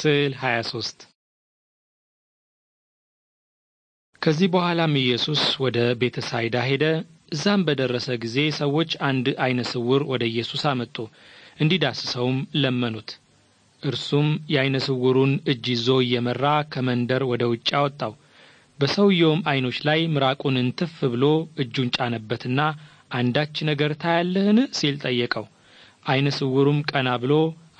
ስዕል 23 ከዚህ በኋላም ኢየሱስ ወደ ቤተ ሳይዳ ሄደ። እዛም በደረሰ ጊዜ ሰዎች አንድ አይነ ስውር ወደ ኢየሱስ አመጡ፣ እንዲዳስሰውም ለመኑት። እርሱም የአይነ ስውሩን እጅ ይዞ እየመራ ከመንደር ወደ ውጭ አወጣው። በሰውየውም አይኖች ላይ ምራቁን እንትፍ ብሎ እጁን ጫነበትና አንዳች ነገር ታያለህን ሲል ጠየቀው። አይነ ስውሩም ቀና ብሎ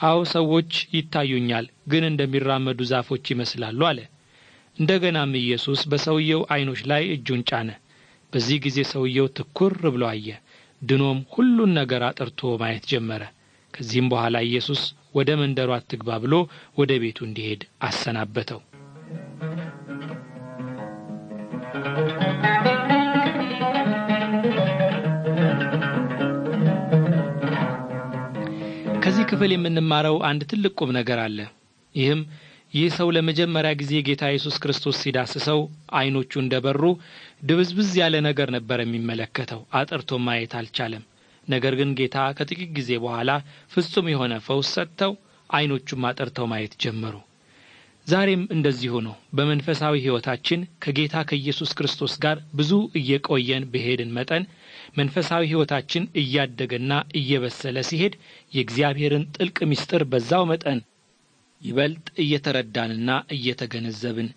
አዎ ሰዎች ይታዩኛል፣ ግን እንደሚራመዱ ዛፎች ይመስላሉ አለ። እንደገናም ኢየሱስ በሰውየው አይኖች ላይ እጁን ጫነ። በዚህ ጊዜ ሰውየው ትኩር ብሎ አየ፣ ድኖም ሁሉን ነገር አጥርቶ ማየት ጀመረ። ከዚህም በኋላ ኢየሱስ ወደ መንደሩ አትግባ ብሎ ወደ ቤቱ እንዲሄድ አሰናበተው። ከዚህ ክፍል የምንማረው አንድ ትልቅ ቁም ነገር አለ። ይህም ይህ ሰው ለመጀመሪያ ጊዜ ጌታ ኢየሱስ ክርስቶስ ሲዳስሰው አይኖቹ እንደ በሩ ድብዝብዝ ያለ ነገር ነበር የሚመለከተው። አጥርቶ ማየት አልቻለም። ነገር ግን ጌታ ከጥቂት ጊዜ በኋላ ፍጹም የሆነ ፈውስ ሰጥተው ዓይኖቹም አጥርተው ማየት ጀመሩ። ዛሬም እንደዚሁ ነው። በመንፈሳዊ ሕይወታችን ከጌታ ከኢየሱስ ክርስቶስ ጋር ብዙ እየቆየን በሄድን መጠን መንፈሳዊ ሕይወታችን እያደገና እየበሰለ ሲሄድ የእግዚአብሔርን ጥልቅ ምስጢር በዛው መጠን ይበልጥ እየተረዳንና እየተገነዘብን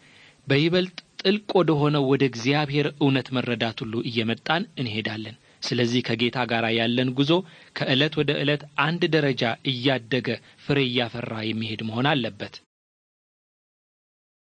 በይበልጥ ጥልቅ ወደ ሆነው ወደ እግዚአብሔር እውነት መረዳት ሁሉ እየመጣን እንሄዳለን። ስለዚህ ከጌታ ጋር ያለን ጉዞ ከዕለት ወደ ዕለት አንድ ደረጃ እያደገ ፍሬ እያፈራ የሚሄድ መሆን አለበት።